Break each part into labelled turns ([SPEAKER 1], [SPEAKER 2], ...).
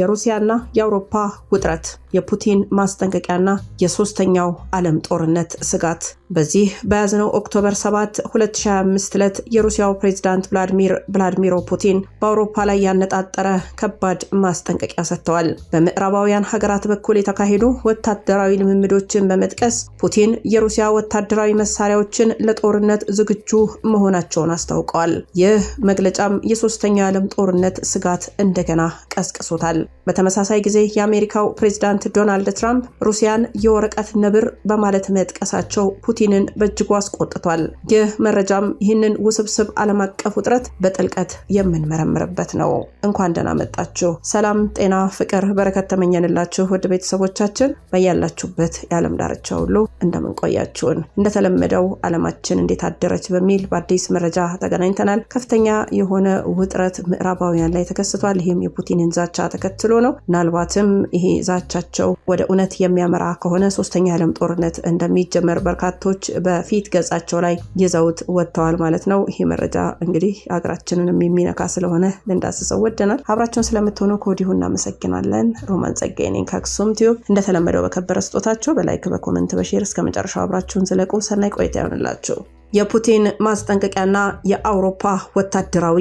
[SPEAKER 1] የሩሲያና የአውሮፓ ውጥረት፣ የፑቲን ማስጠንቀቂያና የሶስተኛው ዓለም ጦርነት ስጋት በዚህ በያዝነው ኦክቶበር 7 2025 ዕለት የሩሲያው ፕሬዝዳንት ቭላዲሚር ቭላዲሚሮ ፑቲን በአውሮፓ ላይ ያነጣጠረ ከባድ ማስጠንቀቂያ ሰጥተዋል። በምዕራባውያን ሀገራት በኩል የተካሄዱ ወታደራዊ ልምምዶችን በመጥቀስ ፑቲን የሩሲያ ወታደራዊ መሳሪያዎችን ለጦርነት ዝግጁ መሆናቸውን አስታውቀዋል። ይህ መግለጫም የሶስተኛ የዓለም ጦርነት ስጋት እንደገና ቀስቅሶታል። በተመሳሳይ ጊዜ የአሜሪካው ፕሬዝዳንት ዶናልድ ትራምፕ ሩሲያን የወረቀት ነብር በማለት መጥቀሳቸው ፑቲንን በእጅጉ አስቆጥቷል። ይህ መረጃም ይህንን ውስብስብ ዓለም አቀፍ ውጥረት በጥልቀት የምንመረምርበት ነው። እንኳን ደህና መጣችሁ። ሰላም፣ ጤና፣ ፍቅር፣ በረከት ተመኘንላችሁ ውድ ቤተሰቦቻችን በያላችሁበት የዓለም ዳርቻ ሁሉ እንደምንቆያችሁን እንደተለመደው ዓለማችን እንዴት አደረች በሚል በአዲስ መረጃ ተገናኝተናል። ከፍተኛ የሆነ ውጥረት ምዕራባውያን ላይ ተከስቷል። ይህም የፑቲንን ዛቻ ተከትሎ ነው። ምናልባትም ይሄ ዛቻቸው ወደ እውነት የሚያመራ ከሆነ ሶስተኛ የዓለም ጦርነት እንደሚጀመር በርካቶ ወጣቶች በፊት ገጻቸው ላይ ይዘውት ወጥተዋል ማለት ነው። ይህ መረጃ እንግዲህ ሀገራችንንም የሚነካ ስለሆነ ልንዳስሰው ወደናል። አብራችሁን ስለምትሆኑ ከወዲሁ እናመሰግናለን። ሮማን ጸጋዬ ነኝ ከአክሱም ቲዩብ። እንደተለመደው በከበረ ስጦታቸው በላይክ በኮመንት በሼር እስከ መጨረሻው አብራችሁን ስለቁ። ሰናይ ቆይታ ይሆንላችሁ። የፑቲን ማስጠንቀቂያና የአውሮፓ ወታደራዊ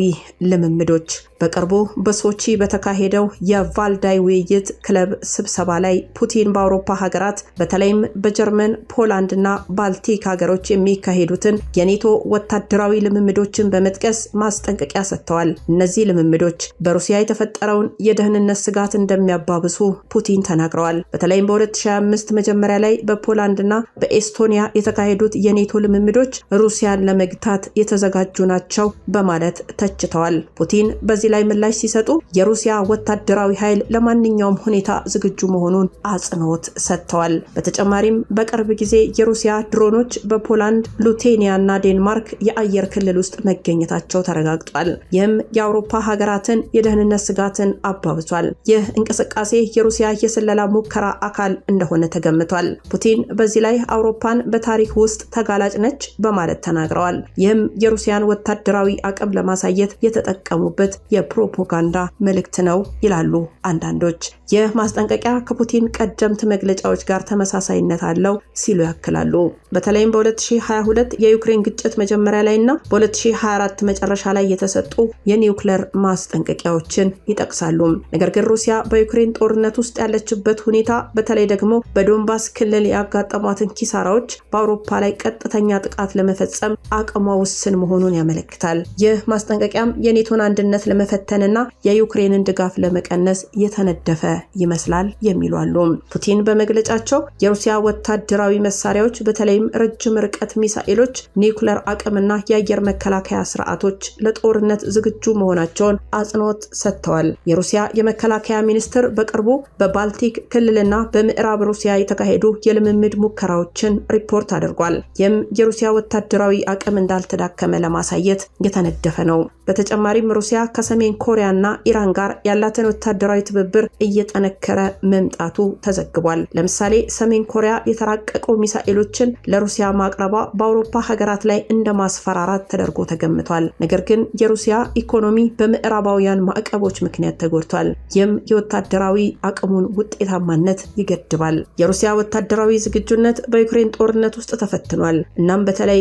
[SPEAKER 1] ልምምዶች በቅርቡ በሶቺ በተካሄደው የቫልዳይ ውይይት ክለብ ስብሰባ ላይ ፑቲን በአውሮፓ ሀገራት በተለይም በጀርመን፣ ፖላንድ እና ባልቲክ ሀገሮች የሚካሄዱትን የኔቶ ወታደራዊ ልምምዶችን በመጥቀስ ማስጠንቀቂያ ሰጥተዋል። እነዚህ ልምምዶች በሩሲያ የተፈጠረውን የደህንነት ስጋት እንደሚያባብሱ ፑቲን ተናግረዋል። በተለይም በ2025 መጀመሪያ ላይ በፖላንድ እና በኤስቶኒያ የተካሄዱት የኔቶ ልምምዶች ሩሲያን ለመግታት የተዘጋጁ ናቸው በማለት ተችተዋል። ፑቲን በዚህ ላይ ምላሽ ሲሰጡ የሩሲያ ወታደራዊ ኃይል ለማንኛውም ሁኔታ ዝግጁ መሆኑን አጽንኦት ሰጥተዋል። በተጨማሪም በቅርብ ጊዜ የሩሲያ ድሮኖች በፖላንድ ሉቴኒያ እና ዴንማርክ የአየር ክልል ውስጥ መገኘታቸው ተረጋግጧል። ይህም የአውሮፓ ሀገራትን የደህንነት ስጋትን አባብቷል። ይህ እንቅስቃሴ የሩሲያ የስለላ ሙከራ አካል እንደሆነ ተገምቷል። ፑቲን በዚህ ላይ አውሮፓን በታሪክ ውስጥ ተጋላጭ ነች በማለት በማለት ተናግረዋል። ይህም የሩሲያን ወታደራዊ አቅም ለማሳየት የተጠቀሙበት የፕሮፓጋንዳ መልእክት ነው ይላሉ አንዳንዶች። ይህ ማስጠንቀቂያ ከፑቲን ቀደምት መግለጫዎች ጋር ተመሳሳይነት አለው ሲሉ ያክላሉ። በተለይም በ2022 የዩክሬን ግጭት መጀመሪያ ላይ እና በ2024 መጨረሻ ላይ የተሰጡ የኒውክለር ማስጠንቀቂያዎችን ይጠቅሳሉ። ነገር ግን ሩሲያ በዩክሬን ጦርነት ውስጥ ያለችበት ሁኔታ፣ በተለይ ደግሞ በዶንባስ ክልል ያጋጠሟትን ኪሳራዎች በአውሮፓ ላይ ቀጥተኛ ጥቃት ለመ የመፈጸም አቅሟ ውስን መሆኑን ያመለክታል። ይህ ማስጠንቀቂያም የኔቶን አንድነት ለመፈተንና የዩክሬንን ድጋፍ ለመቀነስ የተነደፈ ይመስላል የሚሉ አሉ። ፑቲን በመግለጫቸው የሩሲያ ወታደራዊ መሳሪያዎች በተለይም ረጅም ርቀት ሚሳኤሎች፣ ኒውክለር አቅምና የአየር መከላከያ ስርዓቶች ለጦርነት ዝግጁ መሆናቸውን አጽንኦት ሰጥተዋል። የሩሲያ የመከላከያ ሚኒስትር በቅርቡ በባልቲክ ክልልና በምዕራብ ሩሲያ የተካሄዱ የልምምድ ሙከራዎችን ሪፖርት አድርጓል። ይህም የሩሲያ ወታደ ወታደራዊ አቅም እንዳልተዳከመ ለማሳየት የተነደፈ ነው። በተጨማሪም ሩሲያ ከሰሜን ኮሪያና ኢራን ጋር ያላትን ወታደራዊ ትብብር እየጠነከረ መምጣቱ ተዘግቧል። ለምሳሌ ሰሜን ኮሪያ የተራቀቀው ሚሳኤሎችን ለሩሲያ ማቅረቧ በአውሮፓ ሀገራት ላይ እንደ ማስፈራራት ተደርጎ ተገምቷል። ነገር ግን የሩሲያ ኢኮኖሚ በምዕራባውያን ማዕቀቦች ምክንያት ተጎድቷል። ይህም የወታደራዊ አቅሙን ውጤታማነት ይገድባል። የሩሲያ ወታደራዊ ዝግጁነት በዩክሬን ጦርነት ውስጥ ተፈትኗል። እናም በተለይ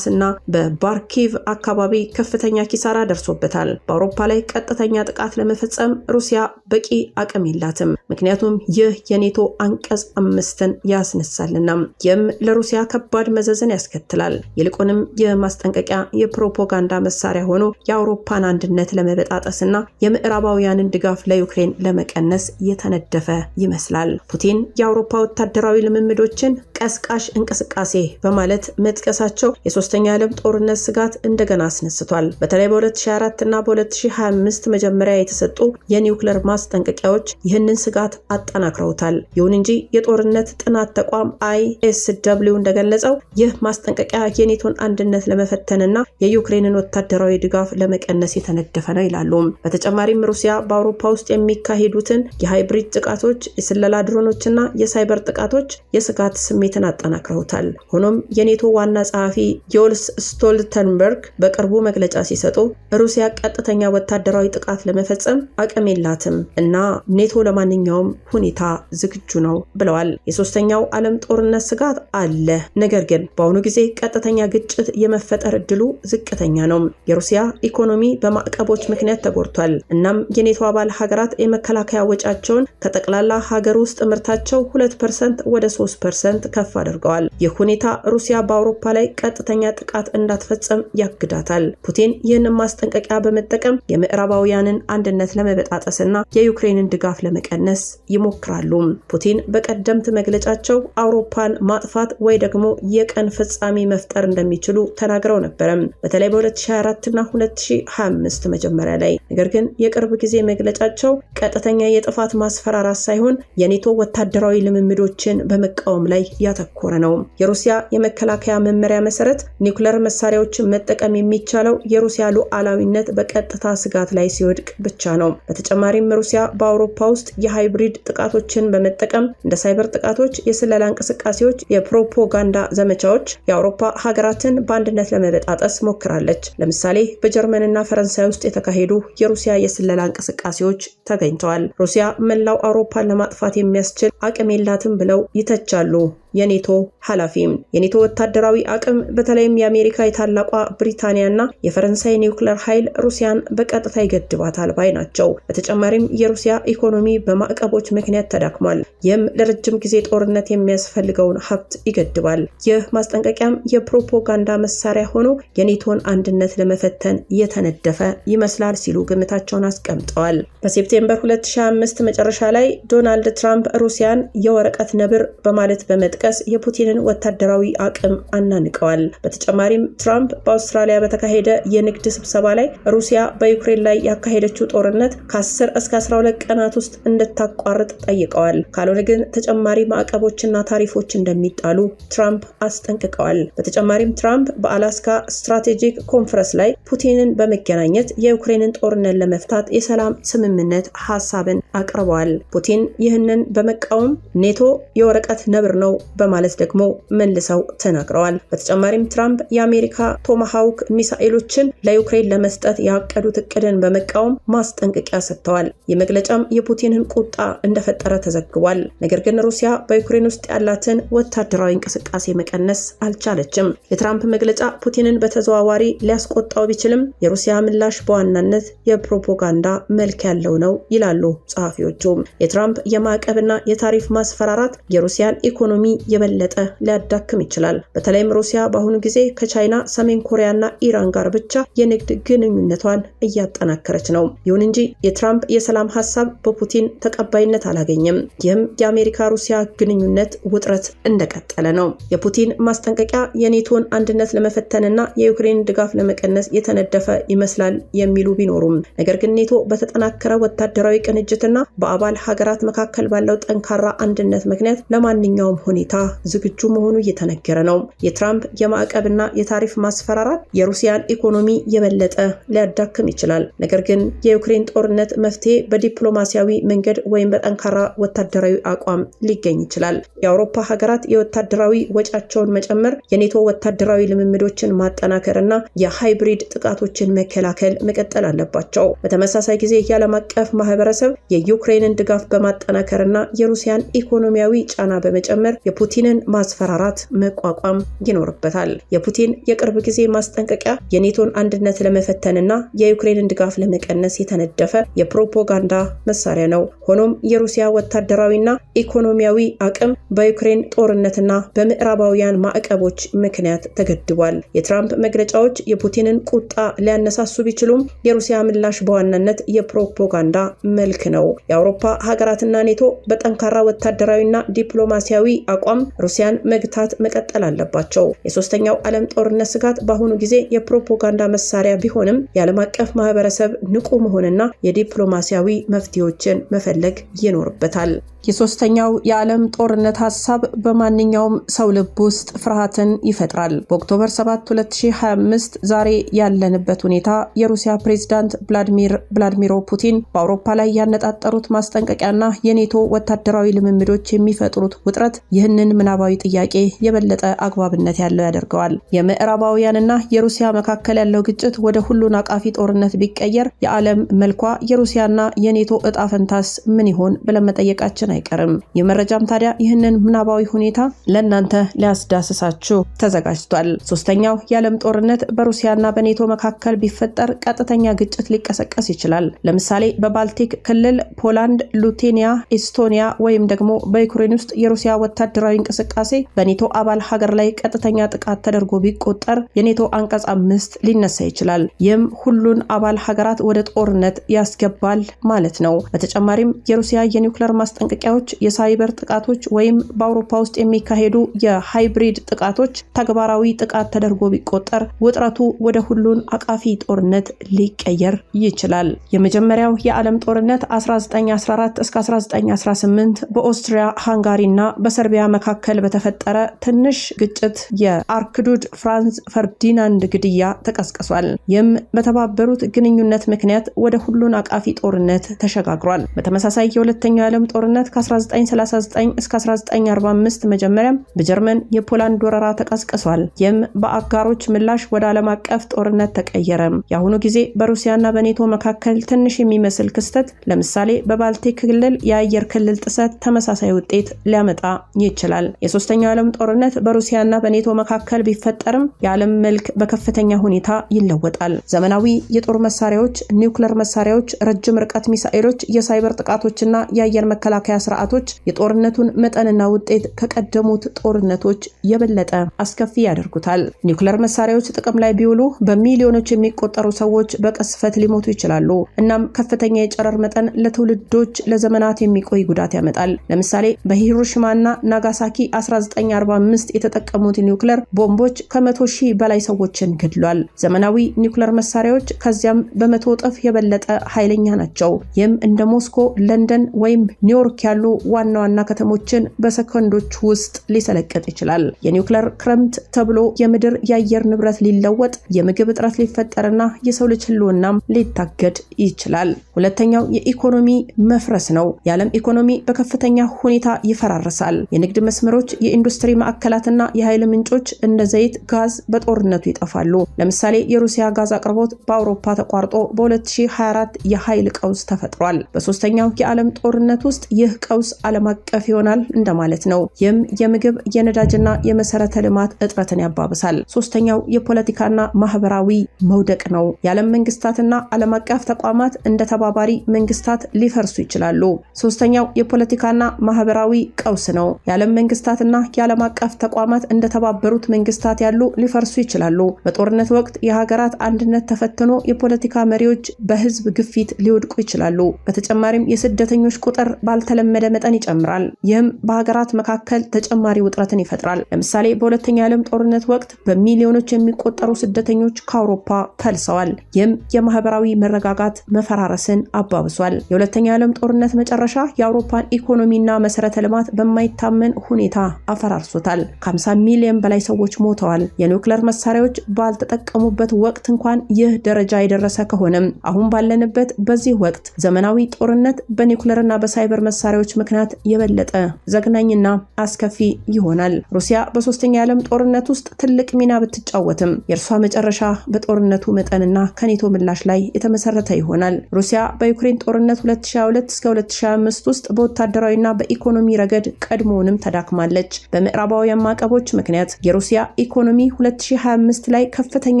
[SPEAKER 1] እና በባርኪቭ አካባቢ ከፍተኛ ኪሳራ ደርሶበታል። በአውሮፓ ላይ ቀጥተኛ ጥቃት ለመፈጸም ሩሲያ በቂ አቅም የላትም። ምክንያቱም ይህ የኔቶ አንቀጽ አምስትን ያስነሳልና ይህም ለሩሲያ ከባድ መዘዝን ያስከትላል። ይልቁንም የማስጠንቀቂያ የፕሮፓጋንዳ መሳሪያ ሆኖ የአውሮፓን አንድነት ለመበጣጠስ እና የምዕራባውያንን ድጋፍ ለዩክሬን ለመቀነስ የተነደፈ ይመስላል። ፑቲን የአውሮፓ ወታደራዊ ልምምዶችን ቀስቃሽ እንቅስቃሴ በማለት መጥቀሳቸው ያላቸው የሶስተኛ የዓለም ጦርነት ስጋት እንደገና አስነስቷል። በተለይ በ2024 እና በ2025 መጀመሪያ የተሰጡ የኒውክለር ማስጠንቀቂያዎች ይህንን ስጋት አጠናክረውታል። ይሁን እንጂ የጦርነት ጥናት ተቋም አይኤስደብሊው እንደገለጸው ይህ ማስጠንቀቂያ የኔቶን አንድነት ለመፈተንና የዩክሬንን ወታደራዊ ድጋፍ ለመቀነስ የተነደፈ ነው ይላሉ። በተጨማሪም ሩሲያ በአውሮፓ ውስጥ የሚካሄዱትን የሃይብሪድ ጥቃቶች፣ የስለላ ድሮኖችና የሳይበር ጥቃቶች የስጋት ስሜትን አጠናክረውታል። ሆኖም የኔቶ ዋና ጸሐፊ ጸሐፊ ዮልስ ስቶልተንበርግ በቅርቡ መግለጫ ሲሰጡ ሩሲያ ቀጥተኛ ወታደራዊ ጥቃት ለመፈጸም አቅም የላትም እና ኔቶ ለማንኛውም ሁኔታ ዝግጁ ነው ብለዋል። የሶስተኛው ዓለም ጦርነት ስጋት አለ፣ ነገር ግን በአሁኑ ጊዜ ቀጥተኛ ግጭት የመፈጠር እድሉ ዝቅተኛ ነው። የሩሲያ ኢኮኖሚ በማዕቀቦች ምክንያት ተጎድቷል። እናም የኔቶ አባል ሀገራት የመከላከያ ወጫቸውን ከጠቅላላ ሀገር ውስጥ ምርታቸው 2 ፐርሰንት ወደ 3 ፐርሰንት ከፍ አድርገዋል። ይህ ሁኔታ ሩሲያ በአውሮፓ ላይ ላይ ቀጥተኛ ጥቃት እንዳትፈጸም ያግዳታል። ፑቲን ይህንን ማስጠንቀቂያ በመጠቀም የምዕራባውያንን አንድነት ለመበጣጠስና የዩክሬንን ድጋፍ ለመቀነስ ይሞክራሉ። ፑቲን በቀደምት መግለጫቸው አውሮፓን ማጥፋት ወይ ደግሞ የቀን ፍጻሜ መፍጠር እንደሚችሉ ተናግረው ነበረም በተለይ በ2024 እና 2025 መጀመሪያ ላይ። ነገር ግን የቅርብ ጊዜ መግለጫቸው ቀጥተኛ የጥፋት ማስፈራራት ሳይሆን የኔቶ ወታደራዊ ልምምዶችን በመቃወም ላይ ያተኮረ ነው። የሩሲያ የመከላከያ መመሪያ መመሪያ መሰረት ኒውክለር መሳሪያዎችን መጠቀም የሚቻለው የሩሲያ ሉዓላዊነት በቀጥታ ስጋት ላይ ሲወድቅ ብቻ ነው። በተጨማሪም ሩሲያ በአውሮፓ ውስጥ የሃይብሪድ ጥቃቶችን በመጠቀም እንደ ሳይበር ጥቃቶች፣ የስለላ እንቅስቃሴዎች፣ የፕሮፓጋንዳ ዘመቻዎች የአውሮፓ ሀገራትን በአንድነት ለመበጣጠስ ሞክራለች። ለምሳሌ በጀርመንና ፈረንሳይ ውስጥ የተካሄዱ የሩሲያ የስለላ እንቅስቃሴዎች ተገኝተዋል። ሩሲያ መላው አውሮፓን ለማጥፋት የሚያስችል አቅም የላትም ብለው ይተቻሉ የኔቶ ኃላፊም የኔቶ ወታደራዊ አቅም በተለይም የአሜሪካ የታላቋ ብሪታንያና የፈረንሳይ ኒውክሌር ኃይል ሩሲያን በቀጥታ ይገድባታል ባይ ናቸው። በተጨማሪም የሩሲያ ኢኮኖሚ በማዕቀቦች ምክንያት ተዳክሟል። ይህም ለረጅም ጊዜ ጦርነት የሚያስፈልገውን ሀብት ይገድባል። ይህ ማስጠንቀቂያም የፕሮፓጋንዳ መሳሪያ ሆኖ የኔቶን አንድነት ለመፈተን የተነደፈ ይመስላል ሲሉ ግምታቸውን አስቀምጠዋል። በሴፕቴምበር 2025 መጨረሻ ላይ ዶናልድ ትራምፕ ሩሲያን የወረቀት ነብር በማለት በመጥቀ በመጥቀስ የፑቲንን ወታደራዊ አቅም አናንቀዋል። በተጨማሪም ትራምፕ በአውስትራሊያ በተካሄደ የንግድ ስብሰባ ላይ ሩሲያ በዩክሬን ላይ ያካሄደችው ጦርነት ከ10 እስከ 12 ቀናት ውስጥ እንድታቋርጥ ጠይቀዋል። ካልሆነ ግን ተጨማሪ ማዕቀቦችና ታሪፎች እንደሚጣሉ ትራምፕ አስጠንቅቀዋል። በተጨማሪም ትራምፕ በአላስካ ስትራቴጂክ ኮንፈረንስ ላይ ፑቲንን በመገናኘት የዩክሬንን ጦርነት ለመፍታት የሰላም ስምምነት ሀሳብን አቅርበዋል። ፑቲን ይህንን በመቃወም ኔቶ የወረቀት ነብር ነው በማለት ደግሞ መልሰው ተናግረዋል። በተጨማሪም ትራምፕ የአሜሪካ ቶማሃውክ ሚሳኤሎችን ለዩክሬን ለመስጠት ያቀዱት እቅድን በመቃወም ማስጠንቀቂያ ሰጥተዋል። የመግለጫም የፑቲንን ቁጣ እንደፈጠረ ተዘግቧል። ነገር ግን ሩሲያ በዩክሬን ውስጥ ያላትን ወታደራዊ እንቅስቃሴ መቀነስ አልቻለችም። የትራምፕ መግለጫ ፑቲንን በተዘዋዋሪ ሊያስቆጣው ቢችልም የሩሲያ ምላሽ በዋናነት የፕሮፓጋንዳ መልክ ያለው ነው ይላሉ ጸሐፊዎቹ። የትራምፕ የማዕቀብና የታሪፍ ማስፈራራት የሩሲያን ኢኮኖሚ የበለጠ ሊያዳክም ይችላል። በተለይም ሩሲያ በአሁኑ ጊዜ ከቻይና፣ ሰሜን ኮሪያና ኢራን ጋር ብቻ የንግድ ግንኙነቷን እያጠናከረች ነው። ይሁን እንጂ የትራምፕ የሰላም ሀሳብ በፑቲን ተቀባይነት አላገኘም። ይህም የአሜሪካ ሩሲያ ግንኙነት ውጥረት እንደቀጠለ ነው። የፑቲን ማስጠንቀቂያ የኔቶን አንድነት ለመፈተንና የዩክሬን ድጋፍ ለመቀነስ የተነደፈ ይመስላል የሚሉ ቢኖሩም ነገር ግን ኔቶ በተጠናከረ ወታደራዊ ቅንጅትና በአባል ሀገራት መካከል ባለው ጠንካራ አንድነት ምክንያት ለማንኛውም ሁኔታ አሜሪካ ዝግጁ መሆኑ እየተነገረ ነው። የትራምፕ የማዕቀብና የታሪፍ ማስፈራራት የሩሲያን ኢኮኖሚ የበለጠ ሊያዳክም ይችላል። ነገር ግን የዩክሬን ጦርነት መፍትሄ በዲፕሎማሲያዊ መንገድ ወይም በጠንካራ ወታደራዊ አቋም ሊገኝ ይችላል። የአውሮፓ ሀገራት የወታደራዊ ወጫቸውን መጨመር፣ የኔቶ ወታደራዊ ልምምዶችን ማጠናከር እና የሃይብሪድ ጥቃቶችን መከላከል መቀጠል አለባቸው። በተመሳሳይ ጊዜ የዓለም አቀፍ ማህበረሰብ የዩክሬንን ድጋፍ በማጠናከር እና የሩሲያን ኢኮኖሚያዊ ጫና በመጨመር የፑ ፑቲንን ማስፈራራት መቋቋም ይኖርበታል። የፑቲን የቅርብ ጊዜ ማስጠንቀቂያ የኔቶን አንድነት ለመፈተንና የዩክሬንን ድጋፍ ለመቀነስ የተነደፈ የፕሮፓጋንዳ መሳሪያ ነው። ሆኖም የሩሲያ ወታደራዊና ኢኮኖሚያዊ አቅም በዩክሬን ጦርነትና በምዕራባውያን ማዕቀቦች ምክንያት ተገድቧል። የትራምፕ መግለጫዎች የፑቲንን ቁጣ ሊያነሳሱ ቢችሉም የሩሲያ ምላሽ በዋናነት የፕሮፓጋንዳ መልክ ነው። የአውሮፓ ሀገራትና ኔቶ በጠንካራ ወታደራዊና ዲፕሎማሲያዊ አቋም ተቋም ሩሲያን መግታት መቀጠል አለባቸው። የሶስተኛው ዓለም ጦርነት ስጋት በአሁኑ ጊዜ የፕሮፓጋንዳ መሳሪያ ቢሆንም የዓለም አቀፍ ማህበረሰብ ንቁ መሆንና የዲፕሎማሲያዊ መፍትሄዎችን መፈለግ ይኖርበታል። የሶስተኛው የዓለም ጦርነት ሀሳብ በማንኛውም ሰው ልብ ውስጥ ፍርሃትን ይፈጥራል። በኦክቶበር 7 2025 ዛሬ ያለንበት ሁኔታ የሩሲያ ፕሬዝዳንት ቭላዲሚር ቭላዲሚሮ ፑቲን በአውሮፓ ላይ ያነጣጠሩት ማስጠንቀቂያና የኔቶ ወታደራዊ ልምምዶች የሚፈጥሩት ውጥረት ይህን ይህንን ምናባዊ ጥያቄ የበለጠ አግባብነት ያለው ያደርገዋል። የምዕራባውያንና የሩሲያ መካከል ያለው ግጭት ወደ ሁሉን አቃፊ ጦርነት ቢቀየር የዓለም መልኳ የሩሲያና የኔቶ እጣ ፈንታስ ምን ይሆን ብለን መጠየቃችን አይቀርም። የመረጃም ታዲያ ይህንን ምናባዊ ሁኔታ ለእናንተ ሊያስዳስሳችሁ ተዘጋጅቷል። ሶስተኛው የዓለም ጦርነት በሩሲያና በኔቶ መካከል ቢፈጠር ቀጥተኛ ግጭት ሊቀሰቀስ ይችላል። ለምሳሌ በባልቲክ ክልል ፖላንድ፣ ሉቴኒያ፣ ኤስቶኒያ ወይም ደግሞ በዩክሬን ውስጥ የሩሲያ ወታደሮ ወታደራዊ እንቅስቃሴ በኔቶ አባል ሀገር ላይ ቀጥተኛ ጥቃት ተደርጎ ቢቆጠር የኔቶ አንቀጽ አምስት ሊነሳ ይችላል። ይህም ሁሉን አባል ሀገራት ወደ ጦርነት ያስገባል ማለት ነው። በተጨማሪም የሩሲያ የኒውክለር ማስጠንቀቂያዎች፣ የሳይበር ጥቃቶች ወይም በአውሮፓ ውስጥ የሚካሄዱ የሃይብሪድ ጥቃቶች ተግባራዊ ጥቃት ተደርጎ ቢቆጠር ውጥረቱ ወደ ሁሉን አቃፊ ጦርነት ሊቀየር ይችላል። የመጀመሪያው የዓለም ጦርነት 1914 እስከ 1918 በኦስትሪያ ሃንጋሪ እና በሰርቢያ መካከል በተፈጠረ ትንሽ ግጭት የአርክዱድ ፍራንስ ፈርዲናንድ ግድያ ተቀስቅሷል። ይህም በተባበሩት ግንኙነት ምክንያት ወደ ሁሉን አቃፊ ጦርነት ተሸጋግሯል። በተመሳሳይ የሁለተኛው የዓለም ጦርነት ከ1939 እስከ 1945 መጀመሪያም በጀርመን የፖላንድ ወረራ ተቀስቅሷል። ይህም በአጋሮች ምላሽ ወደ ዓለም አቀፍ ጦርነት ተቀየረ። የአሁኑ ጊዜ በሩሲያና በኔቶ መካከል ትንሽ የሚመስል ክስተት ለምሳሌ በባልቲክ ክልል የአየር ክልል ጥሰት ተመሳሳይ ውጤት ሊያመጣ ይችላል። ይችላል። የሶስተኛው ዓለም ጦርነት በሩሲያና በኔቶ መካከል ቢፈጠርም የዓለም መልክ በከፍተኛ ሁኔታ ይለወጣል። ዘመናዊ የጦር መሳሪያዎች፣ ኒውክለር መሳሪያዎች፣ ረጅም ርቀት ሚሳኤሎች፣ የሳይበር ጥቃቶችና የአየር መከላከያ ስርዓቶች የጦርነቱን መጠንና ውጤት ከቀደሙት ጦርነቶች የበለጠ አስከፊ ያደርጉታል። ኒውክለር መሳሪያዎች ጥቅም ላይ ቢውሉ በሚሊዮኖች የሚቆጠሩ ሰዎች በቅስፈት ሊሞቱ ይችላሉ። እናም ከፍተኛ የጨረር መጠን ለትውልዶች ለዘመናት የሚቆይ ጉዳት ያመጣል። ለምሳሌ በሂሮሺማና ናጋ ናጋሳኪ 1945 የተጠቀሙት ኒውክለር ቦምቦች ከመቶ ሺህ በላይ ሰዎችን ገድሏል። ዘመናዊ ኒውክለር መሳሪያዎች ከዚያም በመቶ እጥፍ የበለጠ ኃይለኛ ናቸው። ይህም እንደ ሞስኮ፣ ለንደን ወይም ኒውዮርክ ያሉ ዋና ዋና ከተሞችን በሰከንዶች ውስጥ ሊሰለቅጥ ይችላል። የኒውክለር ክረምት ተብሎ የምድር የአየር ንብረት ሊለወጥ፣ የምግብ እጥረት ሊፈጠርና የሰው ልጅ ህልውናም ሊታገድ ይችላል። ሁለተኛው የኢኮኖሚ መፍረስ ነው። የዓለም ኢኮኖሚ በከፍተኛ ሁኔታ ይፈራርሳል። የንግድ መስመሮች፣ የኢንዱስትሪ ማዕከላትና የኃይል ምንጮች እንደ ዘይት፣ ጋዝ በጦርነቱ ይጠፋሉ። ለምሳሌ የሩሲያ ጋዝ አቅርቦት በአውሮፓ ተቋርጦ በ2024 የኃይል ቀውስ ተፈጥሯል። በሶስተኛው የዓለም ጦርነት ውስጥ ይህ ቀውስ ዓለም አቀፍ ይሆናል እንደማለት ነው። ይህም የምግብ የነዳጅና የመሰረተ ልማት እጥረትን ያባብሳል። ሶስተኛው የፖለቲካና ማህበራዊ መውደቅ ነው። የዓለም መንግስታትና ዓለም አቀፍ ተቋማት እንደ ተባባሪ መንግስታት ሊፈርሱ ይችላሉ። ሶስተኛው የፖለቲካና ማህበራዊ ቀውስ ነው። የዓለም መንግስታትና የዓለም አቀፍ ተቋማት እንደተባበሩት መንግስታት ያሉ ሊፈርሱ ይችላሉ። በጦርነት ወቅት የሀገራት አንድነት ተፈትኖ የፖለቲካ መሪዎች በህዝብ ግፊት ሊወድቁ ይችላሉ። በተጨማሪም የስደተኞች ቁጥር ባልተለመደ መጠን ይጨምራል። ይህም በሀገራት መካከል ተጨማሪ ውጥረትን ይፈጥራል። ለምሳሌ በሁለተኛ የዓለም ጦርነት ወቅት በሚሊዮኖች የሚቆጠሩ ስደተኞች ከአውሮፓ ፈልሰዋል። ይህም የማህበራዊ መረጋጋት መፈራረስን አባብሷል። የሁለተኛ የዓለም ጦርነት መጨረሻ የአውሮፓን ኢኮኖሚና መሰረተ ልማት በማይታመን ሁኔታ አፈራርሶታል። ከ50 ሚሊዮን በላይ ሰዎች ሞተዋል። የኒውክለር መሳሪያዎች ባልተጠቀሙበት ወቅት እንኳን ይህ ደረጃ የደረሰ ከሆነም አሁን ባለንበት በዚህ ወቅት ዘመናዊ ጦርነት በኒውክለርና በሳይበር መሳሪያዎች ምክንያት የበለጠ ዘግናኝና አስከፊ ይሆናል። ሩሲያ በሶስተኛ የዓለም ጦርነት ውስጥ ትልቅ ሚና ብትጫወትም የእርሷ መጨረሻ በጦርነቱ መጠንና ከኔቶ ምላሽ ላይ የተመሰረተ ይሆናል። ሩሲያ በዩክሬን ጦርነት 2022 እስከ 2025 ውስጥ በወታደራዊና በኢኮኖሚ ረገድ ቀድሞውንም ተዳክማለች። በምዕራባውያን ማዕቀቦች ምክንያት የሩሲያ ኢኮኖሚ 2025 ላይ ከፍተኛ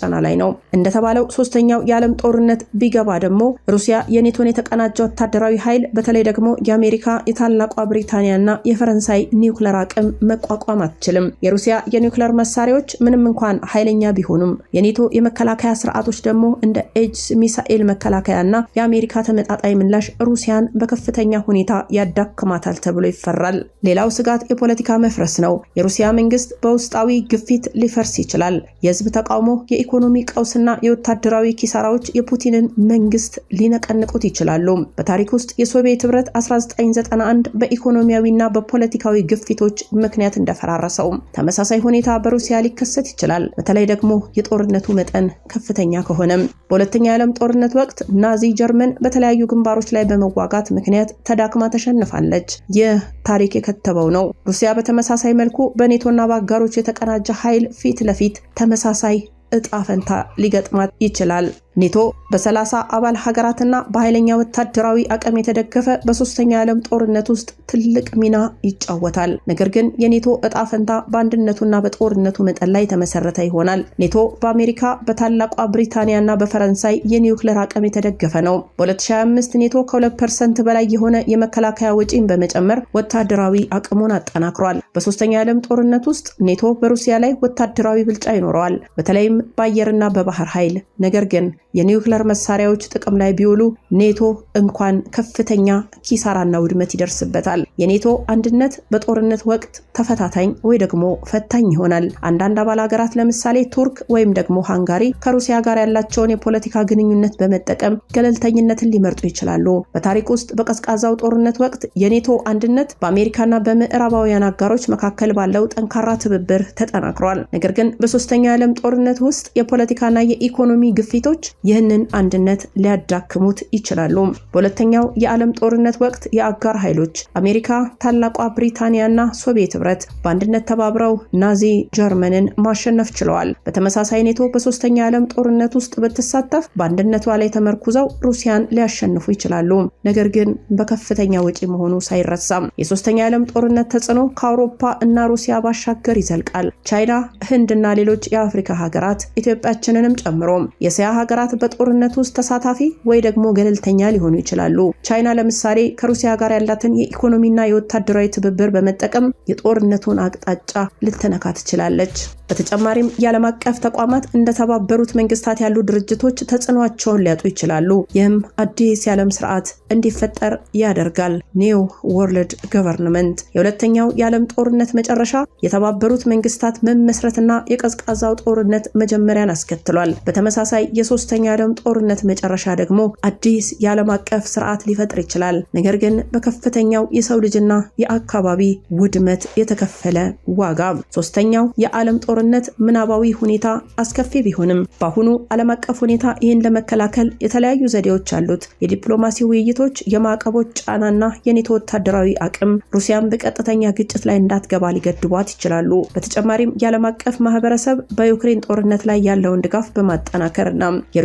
[SPEAKER 1] ጫና ላይ ነው። እንደተባለው ሶስተኛው የዓለም ጦርነት ቢገባ ደግሞ ሩሲያ የኔቶን የተቀናጀ ወታደራዊ ኃይል በተለይ ደግሞ የአሜሪካ የታላቋ ብሪታንያና የፈረንሳይ ኒውክለር አቅም መቋቋም አትችልም። የሩሲያ የኒውክለር መሳሪያዎች ምንም እንኳን ኃይለኛ ቢሆኑም የኔቶ የመከላከያ ስርዓቶች ደግሞ እንደ ኤጅስ ሚሳኤል መከላከያና የአሜሪካ ተመጣጣይ ምላሽ ሩሲያን በከፍተኛ ሁኔታ ያዳክማታል ተብሎ ይፈራል። ሌላው ስጋት ሀገራት የፖለቲካ መፍረስ ነው። የሩሲያ መንግስት በውስጣዊ ግፊት ሊፈርስ ይችላል። የህዝብ ተቃውሞ፣ የኢኮኖሚ ቀውስና የወታደራዊ ኪሳራዎች የፑቲንን መንግስት ሊነቀንቁት ይችላሉ። በታሪክ ውስጥ የሶቪየት ህብረት 1991 በኢኮኖሚያዊና በፖለቲካዊ ግፊቶች ምክንያት እንደፈራረሰው ተመሳሳይ ሁኔታ በሩሲያ ሊከሰት ይችላል። በተለይ ደግሞ የጦርነቱ መጠን ከፍተኛ ከሆነም በሁለተኛ የዓለም ጦርነት ወቅት ናዚ ጀርመን በተለያዩ ግንባሮች ላይ በመዋጋት ምክንያት ተዳክማ ተሸንፋለች። ይህ ታሪክ የከተበው ነው። ነው። ሩሲያ በተመሳሳይ መልኩ በኔቶና በአጋሮች የተቀናጀ ኃይል ፊት ለፊት ተመሳሳይ እጣ ፈንታ ሊገጥማት ይችላል። ኔቶ በሰላሳ አባል ሀገራትና በኃይለኛ ወታደራዊ አቅም የተደገፈ በሶስተኛ የዓለም ጦርነት ውስጥ ትልቅ ሚና ይጫወታል። ነገር ግን የኔቶ እጣ ፈንታ በአንድነቱና በጦርነቱ መጠን ላይ የተመሰረተ ይሆናል። ኔቶ በአሜሪካ በታላቋ ብሪታንያና በፈረንሳይ የኒውክሌር አቅም የተደገፈ ነው። በ2025 ኔቶ ከ2 ፐርሰንት በላይ የሆነ የመከላከያ ወጪን በመጨመር ወታደራዊ አቅሙን አጠናክሯል። በሶስተኛ የዓለም ጦርነት ውስጥ ኔቶ በሩሲያ ላይ ወታደራዊ ብልጫ ይኖረዋል፣ በተለይም በአየርና በባህር ኃይል ነገር ግን የኒውክለር መሳሪያዎች ጥቅም ላይ ቢውሉ ኔቶ እንኳን ከፍተኛ ኪሳራና ውድመት ይደርስበታል። የኔቶ አንድነት በጦርነት ወቅት ተፈታታኝ ወይ ደግሞ ፈታኝ ይሆናል። አንዳንድ አባል ሀገራት ለምሳሌ ቱርክ ወይም ደግሞ ሃንጋሪ ከሩሲያ ጋር ያላቸውን የፖለቲካ ግንኙነት በመጠቀም ገለልተኝነትን ሊመርጡ ይችላሉ። በታሪክ ውስጥ በቀዝቃዛው ጦርነት ወቅት የኔቶ አንድነት በአሜሪካና በምዕራባውያን አጋሮች መካከል ባለው ጠንካራ ትብብር ተጠናክሯል። ነገር ግን በሶስተኛው የዓለም ጦርነት ውስጥ የፖለቲካና የኢኮኖሚ ግፊቶች ይህንን አንድነት ሊያዳክሙት ይችላሉ። በሁለተኛው የዓለም ጦርነት ወቅት የአጋር ኃይሎች አሜሪካ፣ ታላቋ ብሪታንያና ሶቪየት ህብረት በአንድነት ተባብረው ናዚ ጀርመንን ማሸነፍ ችለዋል። በተመሳሳይ ኔቶ በሶስተኛ የዓለም ጦርነት ውስጥ ብትሳተፍ በአንድነቷ ላይ ተመርኩዘው ሩሲያን ሊያሸንፉ ይችላሉ። ነገር ግን በከፍተኛ ወጪ መሆኑ ሳይረሳም የሶስተኛ የዓለም ጦርነት ተጽዕኖ ከአውሮፓ እና ሩሲያ ባሻገር ይዘልቃል። ቻይና፣ ህንድና ሌሎች የአፍሪካ ሀገራት ኢትዮጵያችንንም ጨምሮ የእስያ ሀገራት ሀገራት በጦርነት ውስጥ ተሳታፊ ወይ ደግሞ ገለልተኛ ሊሆኑ ይችላሉ። ቻይና ለምሳሌ ከሩሲያ ጋር ያላትን የኢኮኖሚና የወታደራዊ ትብብር በመጠቀም የጦርነቱን አቅጣጫ ልትነካ ትችላለች። በተጨማሪም የዓለም አቀፍ ተቋማት እንደተባበሩት መንግስታት ያሉ ድርጅቶች ተጽዕኖቸውን ሊያጡ ይችላሉ። ይህም አዲስ የዓለም ስርዓት እንዲፈጠር ያደርጋል። ኒው ወርልድ ገቨርንመንት የሁለተኛው የዓለም ጦርነት መጨረሻ የተባበሩት መንግስታት መመስረትና የቀዝቃዛው ጦርነት መጀመሪያን አስከትሏል። በተመሳሳይ የሶስተ የሶስተኛ ዓለም ጦርነት መጨረሻ ደግሞ አዲስ የዓለም አቀፍ ስርዓት ሊፈጥር ይችላል። ነገር ግን በከፍተኛው የሰው ልጅና የአካባቢ ውድመት የተከፈለ ዋጋ። ሶስተኛው የዓለም ጦርነት ምናባዊ ሁኔታ አስከፊ ቢሆንም በአሁኑ ዓለም አቀፍ ሁኔታ ይህን ለመከላከል የተለያዩ ዘዴዎች አሉት። የዲፕሎማሲ ውይይቶች፣ የማዕቀቦች ጫናና የኔቶ ወታደራዊ አቅም ሩሲያን በቀጥተኛ ግጭት ላይ እንዳትገባ ሊገድቧት ይችላሉ። በተጨማሪም የዓለም አቀፍ ማህበረሰብ በዩክሬን ጦርነት ላይ ያለውን ድጋፍ በማጠናከርና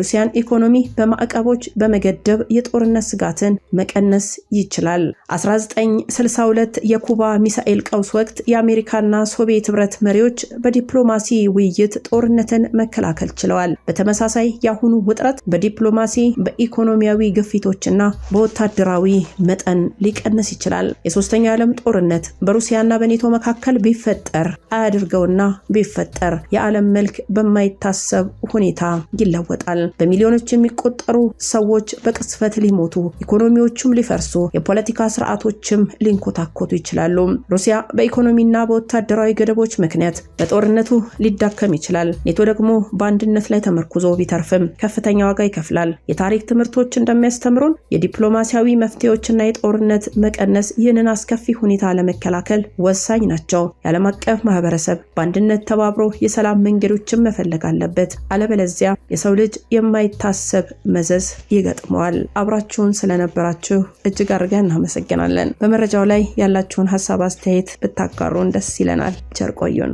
[SPEAKER 1] የሩሲያን ኢኮኖሚ በማዕቀቦች በመገደብ የጦርነት ስጋትን መቀነስ ይችላል። 1962 የኩባ ሚሳኤል ቀውስ ወቅት የአሜሪካና ሶቪየት ህብረት መሪዎች በዲፕሎማሲ ውይይት ጦርነትን መከላከል ችለዋል። በተመሳሳይ የአሁኑ ውጥረት በዲፕሎማሲ በኢኮኖሚያዊ ግፊቶችና በወታደራዊ መጠን ሊቀንስ ይችላል። የሶስተኛው ዓለም ጦርነት በሩሲያና በኔቶ መካከል ቢፈጠር አያድርገውና ቢፈጠር የዓለም መልክ በማይታሰብ ሁኔታ ይለወጣል። በሚሊዮኖች የሚቆጠሩ ሰዎች በቅስፈት ሊሞቱ፣ ኢኮኖሚዎቹም ሊፈርሱ፣ የፖለቲካ ስርዓቶችም ሊንኮታኮቱ ይችላሉ። ሩሲያ በኢኮኖሚና በወታደራዊ ገደቦች ምክንያት በጦርነቱ ሊዳከም ይችላል። ኔቶ ደግሞ በአንድነት ላይ ተመርኩዞ ቢተርፍም ከፍተኛ ዋጋ ይከፍላል። የታሪክ ትምህርቶች እንደሚያስተምሩን የዲፕሎማሲያዊ መፍትሄዎችና የጦርነት መቀነስ ይህንን አስከፊ ሁኔታ ለመከላከል ወሳኝ ናቸው። የዓለም አቀፍ ማህበረሰብ በአንድነት ተባብሮ የሰላም መንገዶችን መፈለግ አለበት። አለበለዚያ የሰው ልጅ የማይታሰብ መዘዝ ይገጥመዋል። አብራችሁን ስለነበራችሁ እጅግ አድርገን እናመሰግናለን። በመረጃው ላይ ያላችሁን ሀሳብ አስተያየት ብታጋሩን ደስ ይለናል። ቸር ቆዩን።